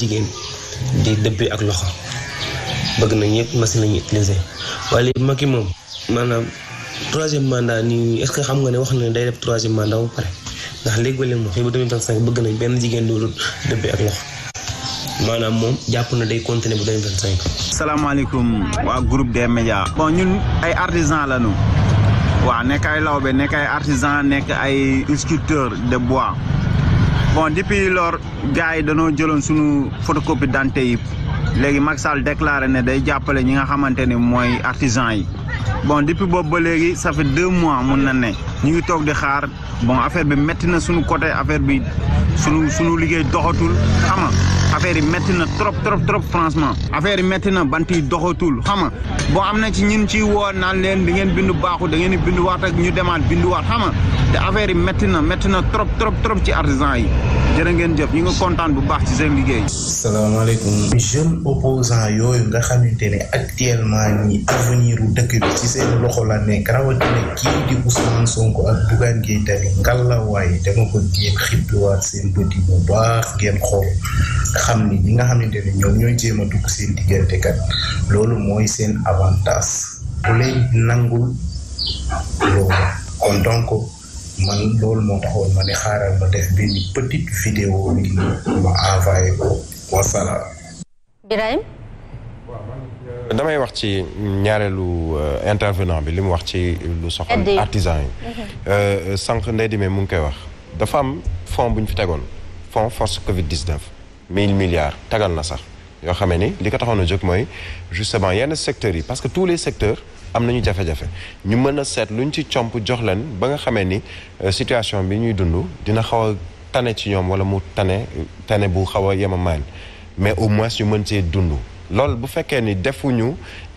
jigéen di dëbbi ak loxo bëgg nañ yëpp machine lañu utiliser waaye léegi Macky moom maanaam troisième mandat nii est que xam nga ne wax na ne day def troisième mandat ba pare ndax léegi ba léegi moom fii ba 2025 bëgg nañ benn jigéen du dëbbi ak loxo maanaam moom jàpp na day continuer ba 2025. salaamaaleykum waa groupe des médias. bon ñun ay artisans lañu. waa nekk ay lawbe nekk ay artisan nekk bon depuis lors gars yi dañoo jëloon suñu photocopie d'identité yi léegi Macky Sall déclaré ne day jàppale ñi nga xamante ne mooy artisan yi bon depuis boobu ba léegi ça fait deux mois mun na ne ñu ngi toog di xaar bon affaire bi métti na suñu côté affaire bi suñu suñu liggéey doxatul xam affaire yi métti na trop trop trop franchement affaire yi métti na bant yi doxatul xam nga boo am na ci ñin ciy woo naan leen di ngeen bindu baaxu da ngeen di binduwaat ak ñu demaat binduwaat xam nga te affaire yi métti na métti na trop trop trop ci artisan yi jërë ngeen jëf ñu ngi kontaan bu baax ci seen liggéey. salaamaaleykum. jeune opposant yooyu nga xamante ne actuellement ñi avenir u dëkk bi ci seen loxo la nekk rawatina kii di Sonko ak Bougane Gueye Dany ngalla ko jéem xippiwaat seen bët yi bu baax ngeen xool. xam ni nga xamante ne ñoom ñooy jéem a dugg seen diggante kat loolu mooy seen avantage bu lay nangul loolu kon donc man loolu moo taxoon ma ne xaaral ma def benn petite vidéo bi ma envoyé ko wasalaam. Birahim. Euh, damay wax ci ñaareelu euh, intervenant bi li mu wax ci lu soxal artisan yi mhm. euh, sànq Ndeye Dime mu ngi koy wax dafa am fond buñ fi tegoon fond force Covid 19 mille milliards tagal na sax yoo xamee ni li ko taxoon a jóg mooy justement yenn secteurs yi parce que tous les secteurs am nañu jafe-jafe ñu mën a seet lu ñu ci comp jox leen ba nga xamee ni euh, situation bi ñuy dund dina xaw a tane ci ñoom wala mu tane tane bu xaw a yemamaan mais au moins ñu mën cee dund lool bu fekkee ni defuñu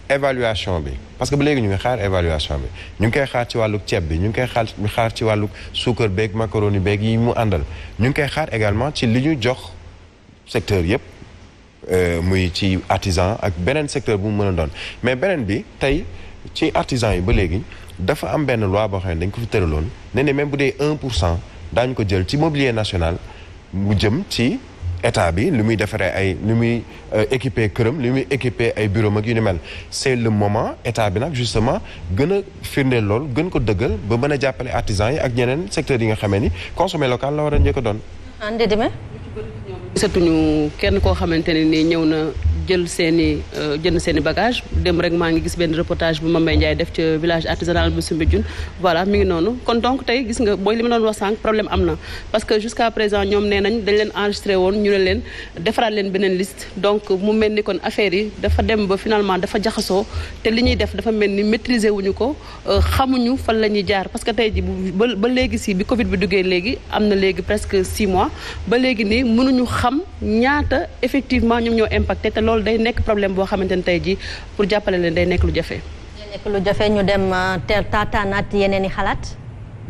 évaluation bi parce que ba léegi ñu ngi xaar évaluation bi ñu ngi koy xaar ci wàllu ceeb bi ñu ngi koy xaar xaar ci wàllu suukar beeg macaroni beeg yi mu àndal ñu ngi koy xaar également ci li ñu jox secteur yëpp euh, muy ci artisan ak beneen secteur bu mu mën a doon mais beneen bi tey ci artisan yi ba léegi dafa am benn loi boo xam ne dañ ko fi tëraloon ne ne bu dee 1 pour cent daañu ko jël ci mobilier national mu jëm ci état bi lu muy defaree ay lu muy euh, équiper këram li muy équiper ay bureau mag yu ni mel c'est le moment état bi nag justement gën a firndeel lool gën ko dëggal ba mën a jàppale artisans yi ak ñeneen secteurs yi nga xamee ni consommer local la war a njëkk a doon. gisatuñu kenn koo xamante ne nii ñëw na jël seen i euh, jënd seen bagage dem rek maa ngi gis benn reportage bu Mame Ndiaye def ca village artisanal bu Soumbédioune voilà mi ngi noonu kon donc tey gis nga booy li ma doon problème am na parce que jusqu'à présent ñoom nee nañ dañ leen enregistré woon ñu ne leen defaraat leen beneen liste donc mu mel ni kon affaire yi dafa dem ba finalement dafa jaxasoo te li ñuy def dafa mel ni maîtriser ko euh, xamuñu fan la jaar parce que tey ba léegi loolu day nekk problème boo xamante ne tey jii pour jàppale leen day nekk lu jafe. day nekk lu jafe ñu dem euh, taataanaat yeneen i xalaat.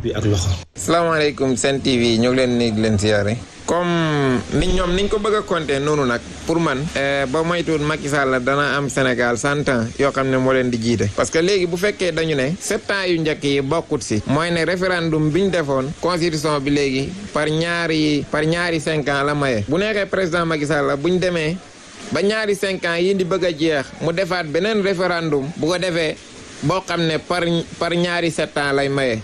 bi ak loxo. salaamaaleykum Sen TV ñu ngi leen di leen siyaare. comme ni ñoom niñ ko bëgg a compter noonu nag pour man. Eh, ba moytuwul Macky la dana am Sénégal cent yoo xam ne moo leen di jiite. parce que léegi bu fekkee dañu ne. sept yu njëkk yi bokkut si. mooy ne référendum bi ñu defoon. constitution bi léegi par ñaari par ñaari cinq ans la maye. bu neexee président Macky la bu ñu demee. ba ñaari cinq ans yi di bëgg a jeex mu defaat beneen référendum bu ko defee boo xam ne par par ñaari sept lay maye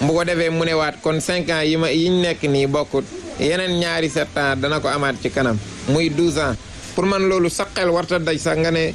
bu ko defee mu newaat kon cinq ans yi ma yiñ nekk nii bokkut yeneen ñaari sept dana ko amaat ci kanam muy douze ans pour man loolu sa xel warta daj sax nga ne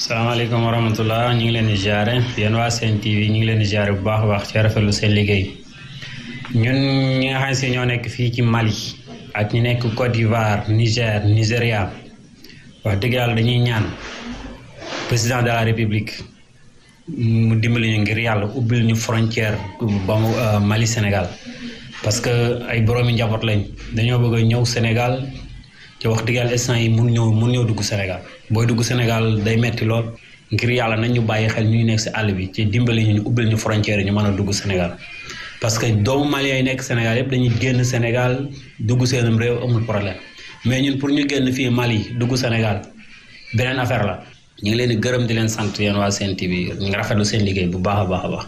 salaamaaleykum wa rahmatullah ñu ngi leen di jaare yéen waa seen TV ñu ngi leen di jaare bu baax a baax ci rafetlu seen liggéey ñu ñi nga si ñoo nekk fii ci Mali ak ñu nekk Côte d'Ivoire Niger Nigeria wax dëgg yàlla dañuy ñaan président de la République mu dimbali ñu ngir yàlla ubbil ñu frontière ba euh, Mali Sénégal parce que ay boroomi njaboot lañ dañoo bëgg ñëw Sénégal te wax dëgg yàlla instant yi mun ñëw mun ñëw dugg Sénégal booy dugg Sénégal day metti lool ngir yàlla nañ ñu bàyyi xel ñu nekk si àll bi ci dimbali ñu ubbil ñu frontière ñu mën a dugg Sénégal parce que doomu Malien yi nekk Sénégal yëpp dañuy génn Sénégal dugg seenam réew amul problème mais ñun pour ñu génn fii Mali dugg Sénégal beneen affaire la ñu ngi leen di gërëm di leen sant yéen waa Sen TV ñu ngi rafetlu seen liggéey bu baax a baax a baax.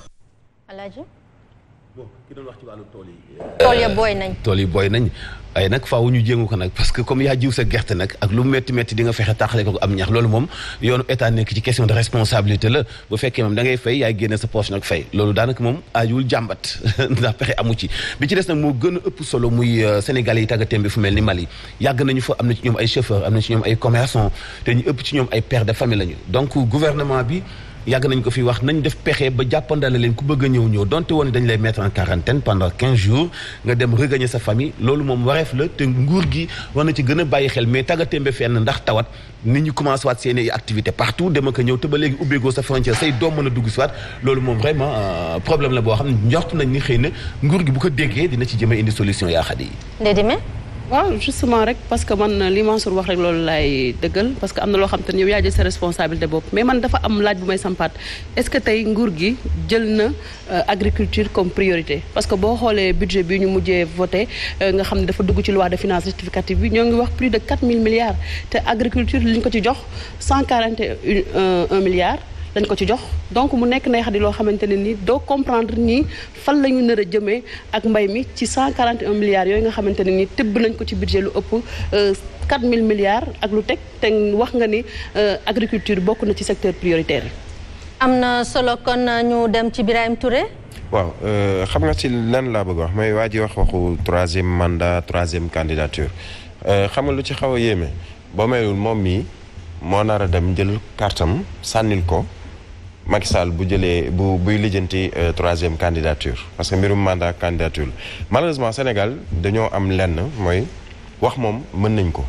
bon ki doon tool yi. Euh, booy nañ. tool yi booy nañ ay nag faaw ñu jéngu ko nag parce que comme yaa jiw sa gerte nag ak lu métti métti di nga fexe taxale ko am ñax loolu moom yoonu état nekk ci question de responsabilité la bu fekkee moom da ngay fay yaay génne sa poche nag fay loolu daanaka moom aajuwul jàmbat ndax pexe amu ci bi ci des nag moo gën a ëpp solo muy euh, Sénégal yi tàggatem bi fu mel ni Mali yàgg nañu fa am na ci ñoom ay chauffeur am na ci ñoom ay commerçant ëpp ci ñoom ay père de famille lañu donc gouvernement bi. yàgg nañ ko fi wax nañ def pexe ba jàppandale leen ku bëgg a ñëw ñëw donte woon dañ lay mettre en quarantaine pendant 15 jours nga dem regagner sa famille loolu moom wareef la te nguur gi war na ci gën a bàyyi xel mais tàggatémbe fenn ndax tawat nit ñu commencé waat seen i activité partout dem ak ñëw te ba léegi ubbeegoo sa frontière say doom mën a dugg si waat loolu moom vraiment euh, problème la boo xam ne njort nañ ni xëy na nguur gi bu ko déggee dina ci jëm indi solution yaa xadi waaw justement rek parce que man li Mansour wax rek loolu laay dëggal parce que am na loo xam te ne yow yaa jël sa responsabilité bopp mais man dafa am laaj bu may sampaat est tey nguur gi jël na euh, agriculture comme priorité parce que boo xoolee budget bi ñu mujjee voté euh, nga xam ne dafa dugg ci loi de finances rectificative bi ñoo ngi wax plus de 4000 milliards te agriculture li ñu ko ci jox 141 milliards dañ ko ci jox donc mu nekk nay xadi loo xamante ne ni doo comprendre nii fan la ñu nar a jëmee ak mbay mi ci 141 milliards yooyu nga xamante ne ni tëbb nañ ko ci budget lu ëpp 4000 euh, milliards ak lu teg te wax nga ni euh, agriculture bokk na ci secteur prioritaire am na solo kon ñu dem ci Birahim Touré. waaw euh, xam nga ci lan laa bëgg wax mooy waa ji wax waxu troisième mandat troisième candidature xam nga lu ci xaw a yéeme boo mayul moom mii moo nar dem jël kartam sànnil ko Macky Sall bu jëlee bu buy lijjanti euh, troisième candidature parce que mbirum mandat candidature la malheureusement Sénégal dañoo am lenn mooy wax moom mën nañ ko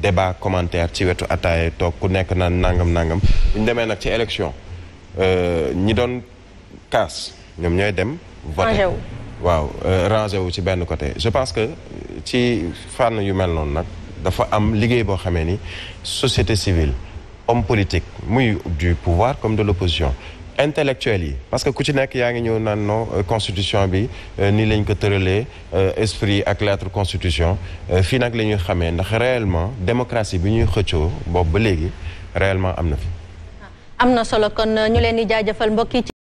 débat commentaire ci wetu ataaya toog ku nekk naan nangam nangam bu ñu demee nag ci élection euh, ñi doon kaas ñoom ñooy dem voté waaw euh, rangé wu ci benn côté je pense que ci fànn yu mel noonu nag dafa am liggéey boo xamee ni société civile homme politique muy du pouvoir comme de l'opposition intellectuels yi parce que ku ci nekk yaa ngi ñëw naan non euh, constitution bi euh, nii lañ ko tëralee euh, esprit ak lettre constitution fii nag la ñuy xamee ndax réellement démocratie bi ñuy xëccoo boobu ba léegi réellement am na fi ah, am na solo kon ñu leen di jaajëfal mbokk